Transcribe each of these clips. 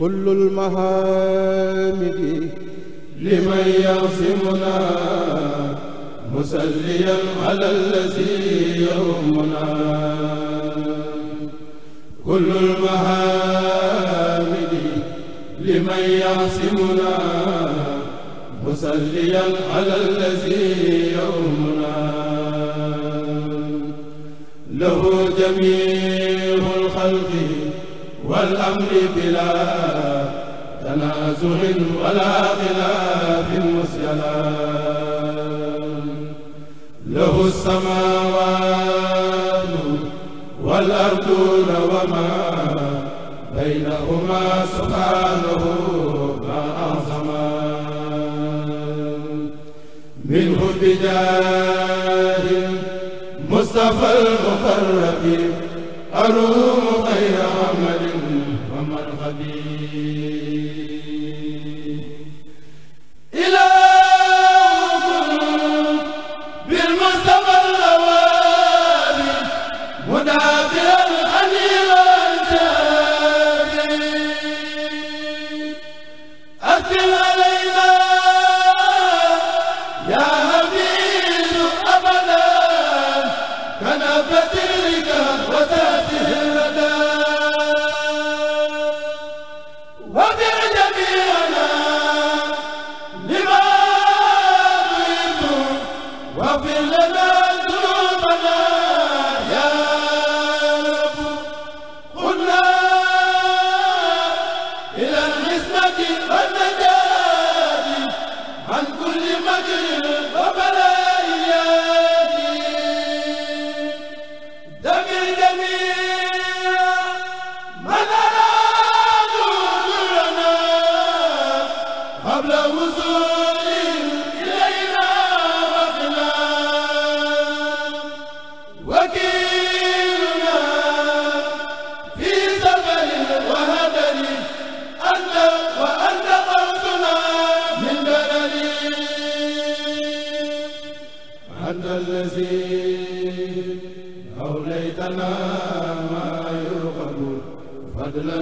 كل المحامد لمن يعصمنا مسليا على الذي يهمنا كل المحامد لمن يعصمنا مسليا على الذي يهمنا له جميع الخلق والأمر بلا تنازع ولا خلاف والسلام له السماوات والأرض وما بينهما سبحانه ما أعظما منه بجاه مصطفى المقرب أروم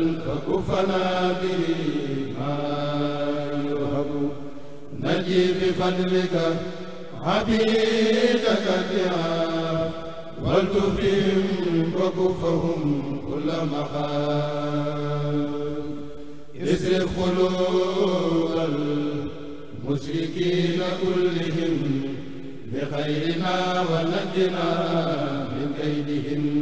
فكفنا به ما يرهب نجي بفضلك عبيدك الدعاء ولتفهم وكفهم كل مخال اسر خلوق المشركين كلهم بخيرنا ونجنا من كيدهم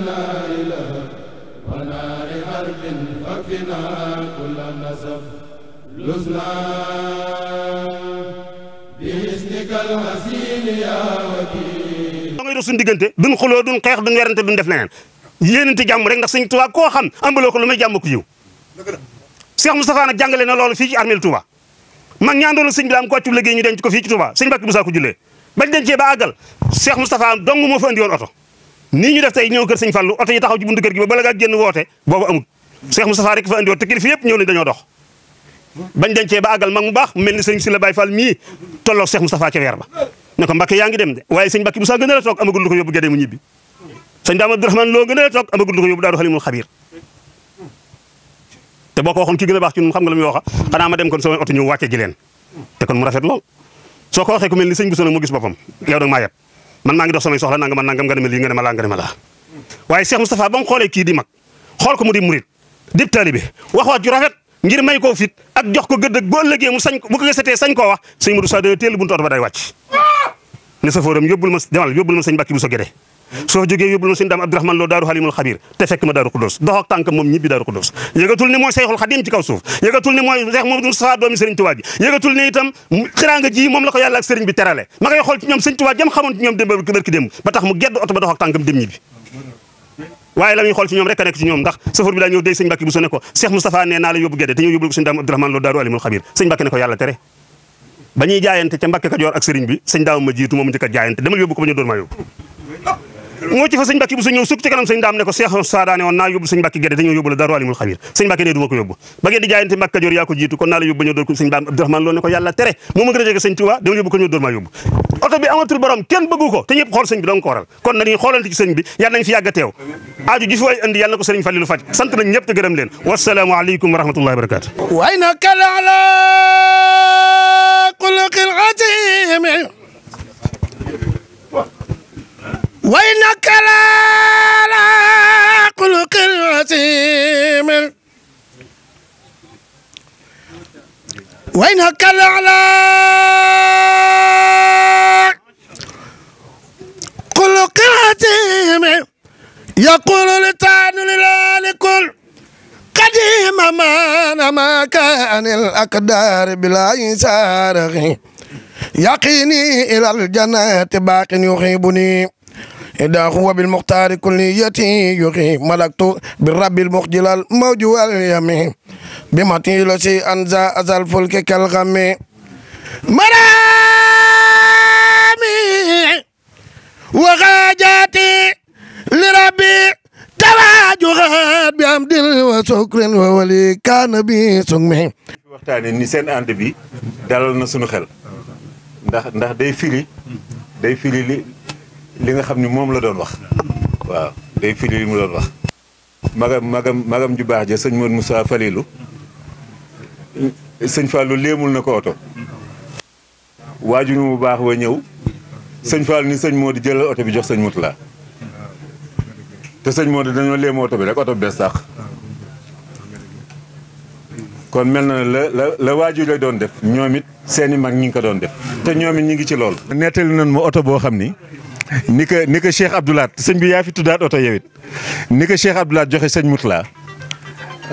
ngay dox suñu diggante duñ xuloo duñ xeex duñ werante duñ def leneen yéenante jàmm rek ndax Sëñ Tuubaa koo xam ambaloo ko lu may jàmm ko yiw Cheikh Moustapha nag jàngale na loolu fii ci armeel Touba mag ñaandoon la sëñ bi am ko wàccu liggéey ñu denc ko fii ci Touba sëñ Mbàkke Moussa ko jullee bañ dencee ba àggal Cheikh Moustapha dong moo fa andi woon oto nii ñu def tey ñëw kër sëñ Fallou oto yi taxaw ci buntu kër gi ba bala ngaa génn woote boobu amul Cheikh Moustapha rek fa andi woon te kilifa yëpp ñëw nañ dañoo dox bañ dencee ba àggal mag mu baax mel ni sëñ Sylla Baye Fall mii tolloog Cheikh Moustapha ca weer ba ne ko yaa ngi dem de waaye sëñ Mbacke bu sa gën a la toog amagul lu ko yóbbu Gédé loo gën a la toog amagul lu te boo ko waxoon ki baax ci ñun xam nga la muy waxa xanaa ma dem kon sama oto ñëw mu rafet lool soo ko mel ni sëñ bi sono mu gis boppam yow da nga maa yeb man maa ngi dox samay soxla nangam man nangam nga ne ma lii nga ma laa nga ne ma xoolee kii di mag xool ko mu di murit dib taalibe wax wax ju rafet ngir may koo fit ak jox ko gëdd bu ëllëgee mu sañ bu ko gëstatee sañ koo wax sëñ Modou Sa dana daaru Halimul Xabir te fekk ma daaru Kudos dox tànk moom ñibbi daaru Kudos yëgatul ne mooy Seyxul Xadim ci kaw suuf yëgatul ne mooy Seex Mamadu Mustafaa doomi sëriñ Tuubaa ji ne itam xiraanga ji moom la ko yàlla ak sëriñ bi terale ma ngay ci ñoom sëñ Tuubaa jëm xamoon ci ñoom démb barki démb ba tax mu gedd waaye la ñuy xool ci ñoom rek a nekk ci ñoom ndax safar bi daa ñëw day sëñ Mbàkke bu su ne ko Cheikh Moustapha naa la yóbbu Gédé te ñëw yóbbu ko sëñ Daam Abdourahmane Lo Daaru Alimul Xabir sëñ Mbàkke ne yàlla tere ba ñuy jaayante ca Mbàkke Kajoor ak sëriñ bi sëñ Daam ma jiitu moom njëkk a jaayante demal yóbbu ko ba ñu door maa yóbbu ci fa sëñ Mbàkke bu su ñëw sukk ci kanam sëñ daam ne ko Seex Saadaane woon naa yóbbu sëñ Gede te ñëw yóbbu la Daaru Alimul Xabiir sëñ Mbàkke ne du ma ko yóbbu ba ngeen di jaayante Mbàkke Kajoor jiitu kon naa la yóbbu ñëw door ko sëñ daam Abdourahmane Lo ko yàlla tere moo ma gën a jege sëñ Tuubaa dama ko ñëw door maa yóbbu oto bi amatul borom kenn bëggu ko te ñëpp xool sëñ bi dong ko waral kon nañuy xoolante ci sëñ bi yàlla nañ a وإنك لعلى خلق عظيم وإنك لعلى خلق عظيم يقول لتان للآل كل قديم ما ما كان الأقدار بلا يسارغ يقيني إلى الجنة باق يحبني إذا هو بالمختار كليتي يخي ملكت بالرب المخجل الموج واليمين بمطيل شيء أنزى أزى الفلك كالغم مرامي وغاجاتي لربي تواجهات بحمد وشكر وولي كان بي سمي waxtaane ni seen ànd bi dalal na suñu xel ndax ndax day firi day firi li li nga xam ni moom la doon wax waaw day firi li mu doon wax magam magam magam ju baax ja sëñ mu Moussa Falilou sëñ Fallou léemul na ko oto waajur mu baax wa ñëw sëñ Fallou ni sëñ Modou jëlal oto bi jox sëñ Moutala te sëñ Modou dañoo léem oto bi rek oto bi bees sax kon mel na la la la waajur la doon def ñoom it seeni mag ñi ngi ko doon def te ñoom it ñi ngi ci lool nettali nañ ma oto boo xam ni ni ko ni ko Cheikh Abdoulaat sëñ bi yaa fi tuddaat oto yow ni ko Cheikh Abdoulaat joxe sëñ Moutala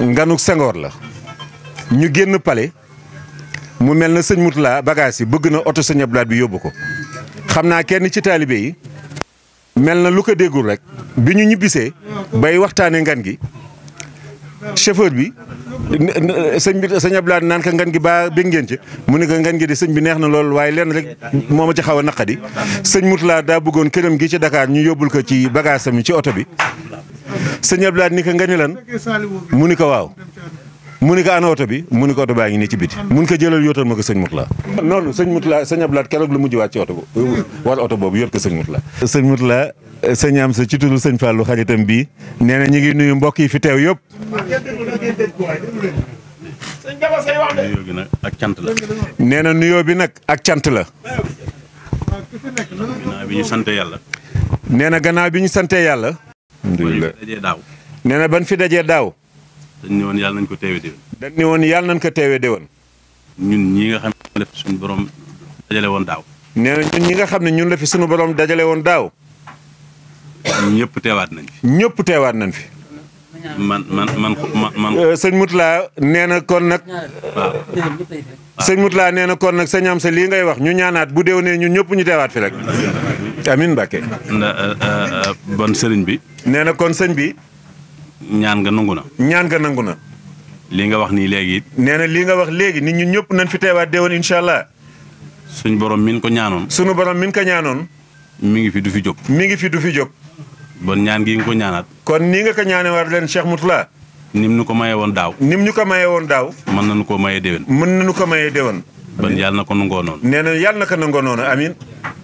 nganu Senghor la ñu génn pale mu mel na sëñ Moutala bagage yi bëgg na oto sëñ Abdoulaat bi yóbbu ko xam naa kenn ci taalibe yi mel na lu ko déggul rek bi ñu ñibbisee bay waxtaanee ngan gi chauffeur bi sëñ bi sëñ Abdoulaye naan ka ngan gi baa bég ngeen ci mu ne ko ngan gi di sëñ bi neex na lool waaye lenn rek moo ma ci xaw a naqadi sëñ Moutala daa bëggoon këram gi ci dakaar ñu yóbbul ko ci bagage am ci oto bi sëñ laat ni ko nga ni lan mu ni ko waaw mu ni ko ana oto bi mu ni ko oto baa ngi nii ci biti mun ko jëlal yóotal ma ko sëñ Moutala noonu sëñ Moutala sëñ laat keroog la mujj waat ci oto wala oto boobu yóot ko sëñ Moutala sëñ Moutala sëñaam am sa ci turu sëñ Fallou xaritam bi nee na ñu ngi nuyu mbokk yi fi teew yëpp. nuyoo ak cant la. nee na nuyoo bi nag ak cant la. gannaaw bi ñu sante yàlla. nee na gannaaw bi ñu sante yàlla. alhamdulilah nee na ban fi dajee daaw. dañ ne woon nañ ko teewee déwén. dañ ne nañ ko teewee déwén. ñun ñi nga xam fi suñu borom dajale woon daaw. nee na ñun ñi nga xam ne ñun la fi suñu borom dajale woon daaw. ñëpp teewaat nañ fi. ñëpp teewaat nañ fi. man man man man. Euh, sëñ Moutala nee na kon nag. waaw. sëñ Moutala nee na kon nag sëñ am sa lii ngay wax ñu ñaanaat bu deew nee ñu ñëpp ñu teewaat fi rek. amin Mbacke. Euh, euh, bon sëriñ bi. nee na kon sëñ bi. ñaan nga nangu na. ñaan nga nangu na. lii nga wax nii léegi it. nee na lii nga wax léegi nit ñu ñëpp nañ fi teewaat déwén incha allah. suñu borom min ko ñaanoon. suñu borom min ko ñaanoon. mi ngi fi du fi jóg. mi ngi fi du fi jóg. bon ñaan gi nga ko ñaanaat. kon nii nga ko ñaane war leen Cheikh Mourtala. nim ñu ko maye woon daaw. nim ñu ko maye woon daaw. mën nañu ko maye déwén. mën nañu ko maye déwén. bon yàlla na ko nangoo noonu. nee na yàlla na ko nangoo noonu amiin.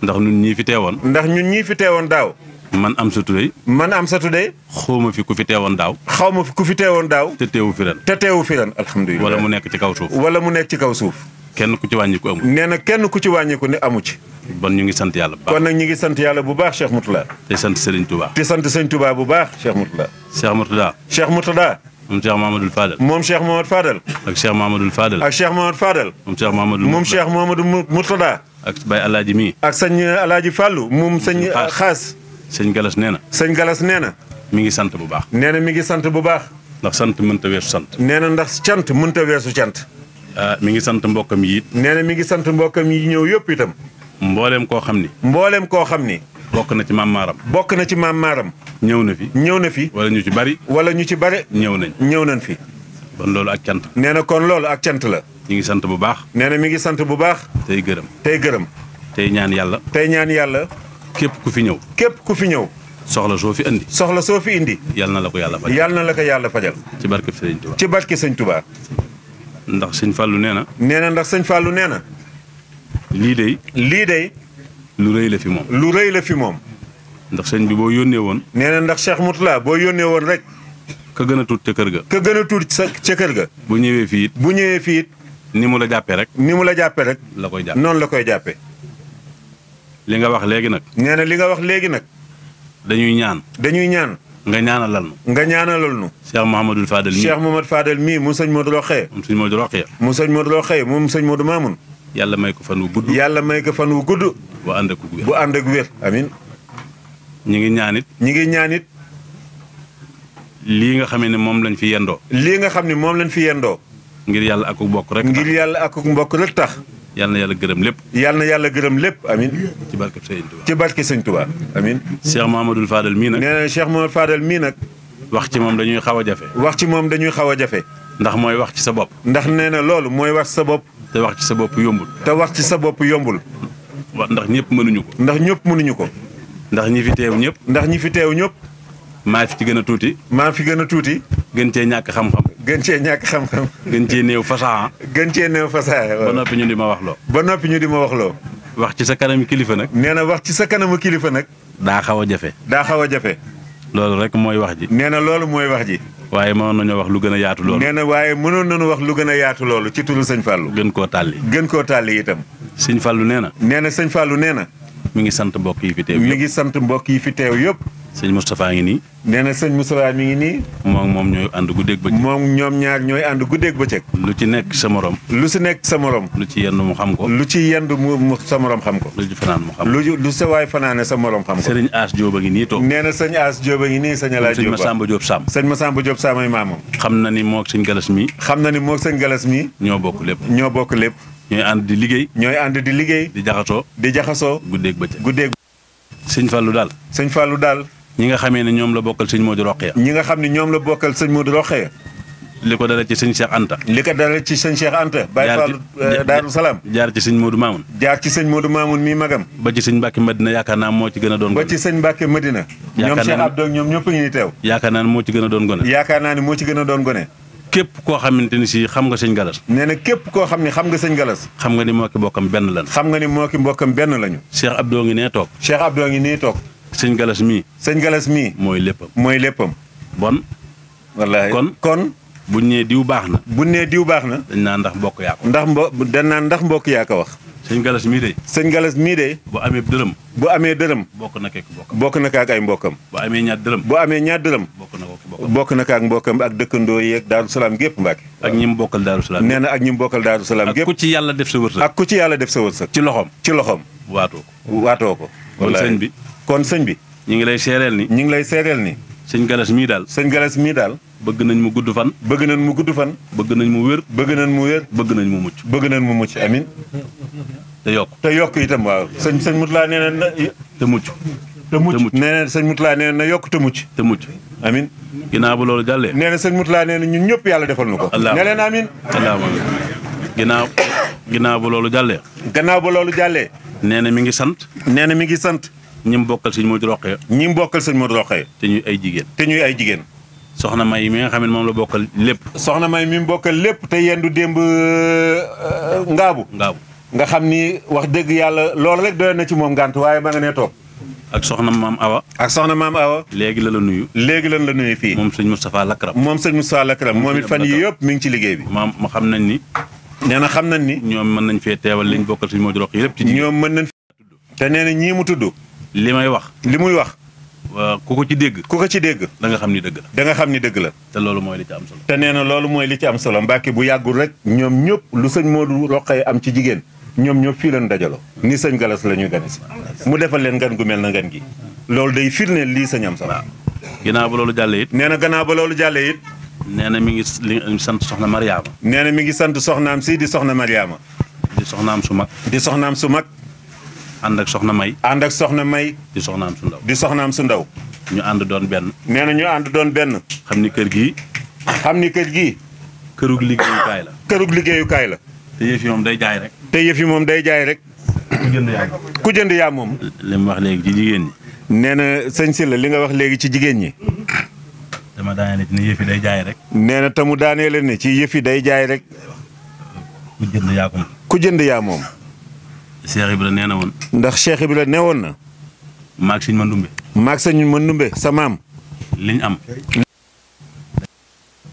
ndax ñun ñii fi woon ndax ñun ñii fi woon daaw. man am sa tudey. man am sa tudey. xaw ma fi ku fi teewoon daaw. xaw ma fi ku fi teewoon daaw. te teewu fi te teewu fi ren alhamdulilah. wala mu nekk ci kaw suuf. wala mu nekk ci kaw suuf. kenn ku ci wàññiku amu nee na kenn ku ci wàññiku ne amu ci bon ñu ngi sant yàlla bu baax kon nag ñu ngi sant yàlla bu baax Cheikh Mourtada te sant Serigne Touba te sant Serigne Touba bu baax Cheikh Mourtada Cheikh Mourtada Cheikh Mourtada moom Cheikh Mamadou Fadal moom Cheikh Mamadou Fadal ak Cheikh Mamadou Fadal ak Cheikh Mamadou Fadal moom Cheikh Mamadou moom Cheikh Mamadou Mourtada ak Baye Alaaji mii ak sëñ Alaaji Fàllu moom sëñ xaas sëñ Galas nee na sëñ Galas nee na mi ngi sant bu baax nee na mi ngi sant bu baax ndax sant mënta weesu sant nee na ndax cant mënta weesu cant Euh, mi ngi sant mbokkam yi it. nee na mi ngi sant mbokkam yi ñëw yëpp itam. mbooleem koo xam ni. mbooleem koo xam ni. bokk na ci maam bokk na ci maam maaram. ñëw na fi. ñëw na fi. wala ñu ci bari. wala ñu ci bari. ñëw nañ. ñëw nañ fi. kon loolu ak cant. nee na kon loolu ak cant la. ñu ngi sant bu baax. nee na mi ngi sant bu baax. tey gërëm. tey gërëm. tey ñaan yàlla. tey ñaan yàlla. képp ku fi ñëw. képp ku fi ñëw. soxla soo fi indi. soxla soo fi indi. yàlla na la ko yàlla fajal. yàlla na la ko yàlla fajal. ci barke Sëñ Tuubaa. ci barke Sëñ Tuubaa. ndax sëñ fàllu nee na. nee na ndax sëñ fàllu nee na. lii de. lii de. lu rëy la fi moom. lu rëy la fi moom. ndax sëñ bi boo yónnee woon. nee na ndax Cheikh Moutala boo yónnee woon rek. ka gën a tuut ca kër ga. ka gën a ca kër ga. bu ñëwee fii it. bu ñëwee fii ni mu la jàppe rek. ni mu la jàppee rek. la koy jàppee noonu la koy jàppee. li nga wax léegi nag. nee na li nga wax léegi nag. dañuy ñaan. dañuy ñaan. nga ñaanalal nu nga ñaanalal nu Cheikh Mouhamadul Fadel mii Cheikh Mouhamad Fadel mii mu sëñ Modou Rokhaya mu sëñ Modou Rokhaya mu sëñ Modou Rokhaya moom sëñ Modou Mamoun yàlla may ko fan wu gudd yàlla may ko fan wu gudd bu ànd ak wér bu ànd ak wér amin ñi ngi ñaanit ñi ngi ñaanit lii nga xam ne moom lañ fi yendoo lii nga xam ne moom lañ fi yendoo ngir yàlla akuk mbokk rek ngir yàlla akuk mbokk rek tax yal na yàlla gërëm lépp. yal na yàlla gërëm lépp amin ci barke Sëñ Touba ci barke Sëñ Touba amin Cheikh Mamadou Fadel mii nag. nee na Cheikh Mamadou Fadel mii nag. wax ci moom dañuy xaw a jafe. wax ci moom dañuy xaw a jafe. ndax mooy wax ci sa bopp. ndax nee na loolu mooy wax sa bopp. te wax ci sa bopp yombul. te wax ci sa bopp yombul. ndax ñëpp mënuñu ko. ndax ñëpp mënuñu ko. ndax ñi fi ñëpp. ndax ñi fi teew ñëpp. maa ci gën a tuuti. maa fi gën a tuuti. gën cee ñàkk xam-xam. gën cee ñàkk xam-xam. gën cee néew fasaa. gën cee néew fasaa. ba noppi ñu di ma wax loo. ba noppi ñu di ma wax loo. wax ci sa kanamu kilifa nag. nee na wax ci sa kanamu kilifa nag. daa xaw a jafe. daa xaw a jafe. loolu rek mooy wax ji. nee na loolu mooy wax ji. waaye mënoon nañoo wax lu gën a yaatu loolu. nee na waaye mënoon nañu wax lu gën a yaatu loolu ci turu sëñ Fallou. gën koo tàlli. gën koo tàlli itam. sëñ Fallou nee na. nee na sëñ Fallou nee na. mi ngi sant mbokk yi fi teew yëpp sant mbokk yi fi teew yëpp. sëñ Moustapha ngi nii. nee na sëñ Moustapha mi ngi nii. moom moom ñooy ànd guddeeg bëccëg. moom ñoom ñaar ñooy ànd guddeeg bëccëg. lu ci nekk sa moroom lu si nekk sa morom. lu ci yendu mu xam ko. lu ci yendu mu sa morom xam ko. lu ci fanaan mu xam ko lu lu sa waay fanaane sa morom xam ko. sëriñ As Diop a ngi nii toog. nee na sëñ As Diop a ngi nii sëñ Alaaj Diop. sëñ Massamba Diop Sam. sëñ Massamba Diop Sam ay maamam. xam na ni moog sëñ Galas mi. xam na ni moog sëñ Galas mi. ñoo bokk lépp. ñoo bokk lépp. ñooy ànd di liggéey. ñooy ànd di liggéey. di jaxasoo. di jaxasoo. guddeeg bëccëg guddeeg. sëñ Fallou daal. daal ñi nga xamee ne ñoom la bokkal sëñ Modou Rokhaya. ñi nga xam ne ñoom la bokkal sëñ Modou Rokhaya. li ko dala ci sëñ Cheikh Anta. li ko dala ci sëñ Cheikh Anta. Baye Fall euh, Daaru jaar ci sëñ Modou Mamoun. jaar ci sëñ Modou Mamoun mii magam. ba ci sëñ Mbacke Madina yaakaar naa moo ci gën a ci sëñ Mbacke Madina. ñoom Cheikh Abdou ñoom ñëpp ngi ni teew. yaakaar naa ne moo ci gën a doon gone. yaakaar naa ne moo ci gën a doon gone. képp koo xamante ni si xam nga sëñ Galas. nee na képp koo xam ni xam nga sëñ Galas. xam nga ni moo ki mbokkam benn lañu. xam nga ni moo ki mbokkam benn lañu. Cheikh Abdou ngi nee toog. Cheikh Abdou ngi nee toog sëñ galas mii. sëñ galas mii. mooy léppam mooy léppam. bon. wallaahi kon kon. buñ nee diw baax na. buñ nee diw baax na. dañ naan ndax mbokk yaa ko. ndax mbo dañ naan ndax mbokk yaa ko wax. sëñ galas mii de. sëñ galas mii de. bu amee dërëm. bu amee dërëm. bokk na ak mbokkam bokk na ak ay mbokkam. bu amee ñaar dërëm. bu amee ñaar dërëm. bokk na ak bokk na ak mbokkam ak dëkkandoo yeeg Daaru Salaam gépp Mbàkke. ak ñi mu bokkal Daaru Salaam. nee na ak ñi mu bokkal Daaru Salaam gépp. ak ku ci yàlla def sa wërsëg. ak ku ci yàlla def sa wërsëg. ci loxoom ci loxoom. waatoo ko waatoo kon sëñ bi. ñu ngi lay seereel ni. ñu ngi lay seereel ni. sëñ Galas mii daal. sëñ Galas mii daal. bëgg nañ mu gudd fan. bëgg nañ mu gudd fan. bëgg nañ mu wér. bëgg nañ mu bëgg nañ mu mucc. bëgg nañ mu mucc amin te yokk te yokk itam waaw. sëñ sëñ Moutala nee na te mucc. te mucc nee na sëñ laa nee na yokk te mucc. te mucc amin ginnaaw bu loolu jàllee. nee na sëñ Moutala nee na ñun ñëpp yàlla defal nu ko. allah ne leen amin allah ginnaaw ginnaaw bu loolu jàllee. gannaaw bu loolu jàllee. nee na mi ngi sant. nee na mi ngi sant. ñi mu bokkal sëñ Modou Rokhaya ñi mu bokkal sëñ Modou Rokhaya te ñuy ay jigéen te ñuy ay jigéen soxna May mi nga xam moom la bokkal lépp soxna May mi bokkal lépp te yendu démb euh, ngaabu ngaabu nga xam ni wax dëgg yàlla loolu rek doy na ci moom gànt waaye ma nga nee toog ak soxna maam Awa. ak soxna maam Awa. léegi la la nuyu. léegi lan la nuyu fii. moom sëñ Moustapha Lakram. moom sëñ Moustapha Lakram moom it fan yii yëpp mi ngi ci liggéey bi. maam ma xam nañ ni. nee na xam nañ ni. ñoom mën nañ fee teewal liñ bokkal suñu Modou Rokhaya yëpp. ci ñoom mën nañ. te nee na ñii mu tudd. li may wax. li muy wax. ku ko ci dégg. ku ko ci dégg. da nga xam ni dëgg la. xam ni dëgg la. te loolu mooy li ci am solo. te nee na loolu mooy li ci am solo Mbàkke bu yàggul rek ñoom ñëpp lu sëñ Modou Rokhaya am ci jigéen ñoom ñëpp fii lañ dajaloo. ni sëñ Galas la ñuy gane si. mu defal leen ngan gu mel na ngan gi. loolu day firndeel lii sëñ am solo. waaw gannaaw ba loolu jàllee it. nee na gannaaw ba loolu jàllee it. nee na mi ngi li sant soxna Mariama. nee na mi ngi sant soxnaam si di soxna Mariama. di soxnaam su mag. di soxnaam su mag. ànd ak soxna May. ànd ak soxna May. di soxnaam su ndaw ñu ànd doon benn. nee na ñu ànd doon benn. xam ni kër gii. xam ni kër gii. kërug liggéeyukaay la. kërug liggéeyukaay la. te yëf yi moom day jaay rek. te yëf yi moom day jaay rek. ku jënd yaa ku jënd yaa moom. li mu wax léegi ci jigéen ñi. nee na sëñ si la li nga wax léegi ci jigéen ñi. dama daaneel ne yëf yi day jaay rek. nee na te mu daaneel ne ci yëf yi day jaay rek. ku ku jënd yaa moom. Cheikh Ibra nee na woon. ndax Cheikh Ibra ne woon na. maag sëñ Mandumbe. maag sëñ Mandumbe sa maam. liñ am.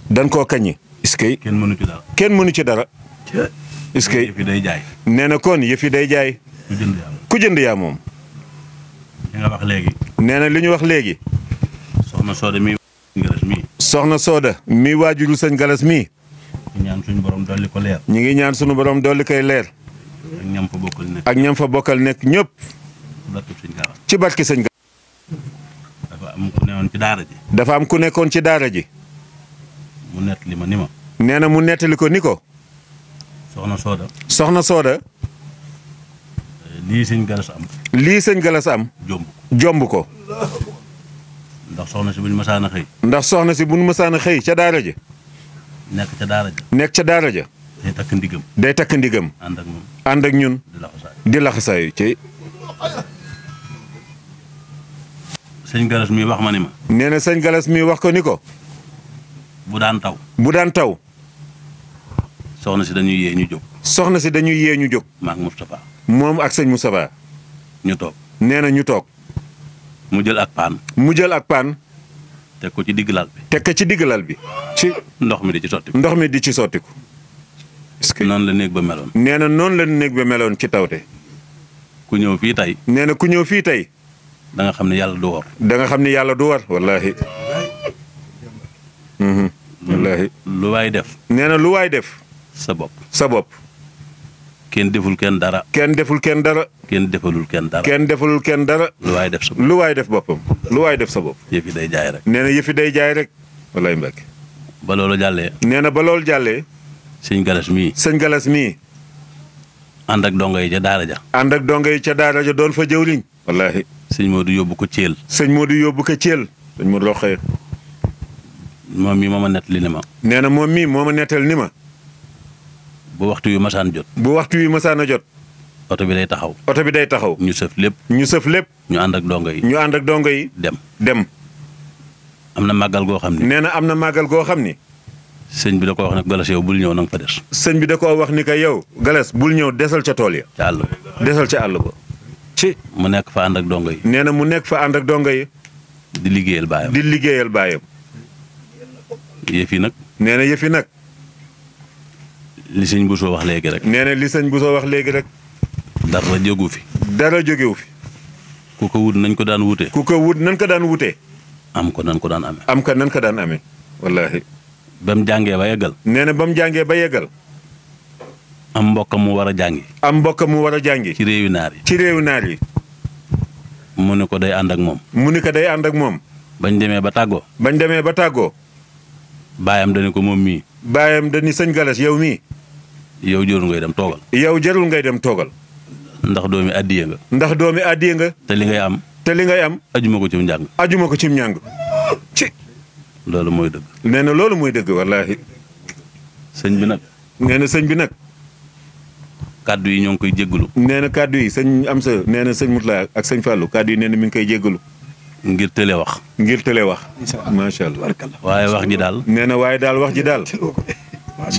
dañ koo kañi. est-ce kenn mënu ci dara. kenn mënu ci dara. est-ce que yëf day jaay. nee na kon yëf yi day jaay. ku jënd yaa moom jënd yaa moom. li wax léegi. nee na li ñu wax léegi. soxna Soda mi. soxna Soda mi waajuru sëñ Galas mii. ñu ngi ñaan suñu borom ko leer. ñu ngi ñaan suñu borom dolli koy leer. ak ñam fa bokkal nekk ak ñam bokkal nekk ñëpp. ci barke sëñ Gaawaan. dafa am ku nekkoon ci daara ji. dafa am ku nekkoon ci daara ji. mu nettali ma ni ma. mu nettali ko ni ko. soxna Soda. soxna Soda. Eh, lii sëñ Galas am. lii sëñ Galas am. jomb ko jomb ndax soxna si buñ masaan ndax soxna si buñ masaan a xëy ca daara ji. nekk ca daara ja. nekk ca daara ja. day takk ndigam. day takk ndigam. ànd ak ñun. ànd ak ñun. di laxasaayu ci. sëñ Galas mi wax ma ni ma. nee na sëñ Galas mi wax ko ni ko. bu daan taw. bu daan taw. soxna si dañuy yee ñu jóg. soxna si dañuy yee ñu jóg. maak Moustapha. moom ak sëñ Moustapha. ñu toog. nee na ñu toog. mu jël ak paan. mu jël ak paan. teg ko ci digg lal bi. teg ci digg lal bi. ci ndox mi di ci sottiku. ndox mi di ci sottiku. est que noonu la néeg ba meloon. nee na noonu la néeg ba meloon ci tawte. ku ñëw fii tey. nee na ku ñëw fii tey. da nga xam ne yàlla du war. da xam ni yàlla du war mhm, wallaahi. lu waay def. nee na lu waay def. sa bopp sa bopp. kenn deful kenn dara. kenn deful kenn dara. kenn defalul kenn dara. kenn defalul kenn dara. lu waay def sa bopp lu waay def boppam. lu waay def sa bopp. yëf yi day jaay rek. nee na day jaay rek. wallaahi jàllee. nee na jàllee. sëñ galas mii. sëñ galas mii. ànd ak dongo yi ca daara ja. ànd ak dongo yi ca daara ja doon fa jëwriñ. wallaahi. sëñ Modou yóbbu ko Thiel. sëñ Modou yóbbu ko Thiel. sëñ mii moo ma nettali ni nee na moom mii moo ma nettal ni ma. bu waxtu wi masaan jot. bu waxtu wi masaan a jot. oto bi day taxaw. oto bi day taxaw. ñu sëf lépp. ñu sëf lépp. ñu ànd ak dongo yi. ñu ànd ak dongo yi. dem dem. am na màggal goo xam ni. nee na am na màggal goo xam ni. sëñ bi da ko wax nag Galas yow bul ñëw na nga fa des. sëñ bi da koo wax ni que yow Galas bul ñëw desal ca tool ya. ca àll ba desal ca àll ba. ci mu nekk fa ànd ak dongo yi. nee na mu nekk fa ànd ak dongo yi. di liggéeyal baayam di liggéeyal baayam. yëf yi nag. nee na nag. li sëñ bu soo wax léegi rek. nee li sëñ bu soo wax léegi rek. dara jógu fi. dara jógewu fi. ku ko wut nañ ko daan wutee. ku ko wut nañ ko daan wutee. am ko nan ko daan amee. am ko nan ko daan amee. wallaahi. ba mu jàngee ba yeggal. nee na ba mu jàngee ba yeggal. am mbokk mu war a jàngi. am mbokk mu war a jàngi. ci réewi naar yi. ci réewi naar yi. mu ni ko day ànd ak moom. mu ni ko day ànd ak moom. bañ demee ba tàggoo. bañ demee ba tàggoo. baayam dañu ko moom mii. baayam dañu sëñ Galas yow mii. yow jarul ngay dem toogal. yow jarul ngay dem toogal. ndax doomi addiye nga. ndax doomi addiye nga. te li ngay am. te li ngay am. ajuma ko ci njàng. ajuma ko ci njàng. loolu mooy dëgg. nee na loolu mooy dëgg wallaahi. sëñ bi nag. nee sëñ bi nag. kàddu yi ñoo ngi koy jéggalu. nee na kàddu yi sëñ am sa nee na sëñ Moutalla ak sëñ Fallou kàddu yi nee na mi ngi koy jéggalu. ngir tële wax. ngir tële wax. macha allah waaye wax ji daal. nee na waaye daal wax ji daal.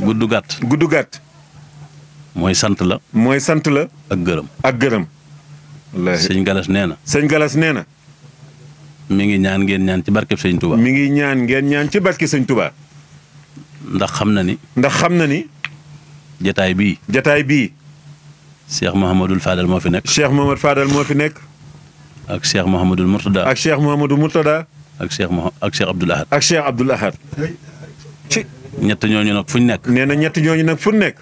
gudd gàtt. gudd gàtt. mooy sant la. mooy sant la. ak gërëm. ak gërëm. wallaahi sëñ Galas nee na. sëñ Galas nee na. mi ngi ñaan ngeen ñaan ci barkeb sëñ Touba. mi ngi ñaan ngeen ñaan ci barkeb sëñ ndax xam na ni. ndax xam na ni. jataay bii. jataay bii. Cheikh Mouhamadul Fadal moo fi nekk. Cheikh Mouhamad Fadal moo fi nekk. ak Cheikh Mouhamadul Mourtada. ak Cheikh Mouhamadul Mourtada. ak ak Cheikh Abdoul Ahad. ak Cheikh Abdoul Ahad. ci ñett ñooñu nag fu ñu nekk. nee na ñett ñooñu nag fu ñu nekk.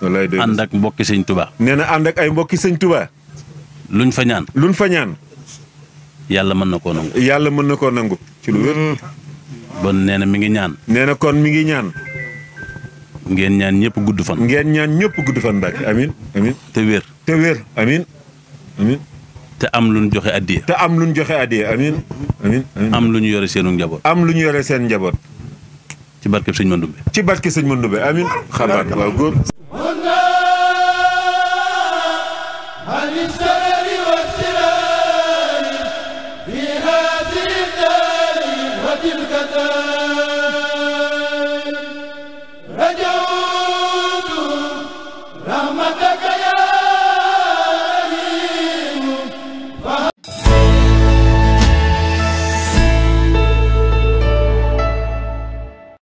wallaay ànd ak mbokki sëñ Touba. nee na ànd ak ay mbokki sëñ Touba. luñ fa ñaan. luñ fa ñaan. yàlla mën na koo nangu. yàlla mën na koo nangu ci lu wér. bon nee na mi ngi ñaan. nee na kon mi ngi ñaan. ngeen ñaan ñëpp gudd fan. ngeen ñaan ñëpp gudd fan Mbacke amin amin te wér. te wér amin te am lu ñu joxe addiya. te am lu ñu joxe addiya amin am lu ñu yore seenu njaboot. am lu ñu yore seen njaboot. ci barke sëñ Mandoumbe. ci barke sëñ Mandoumbe amin xabaar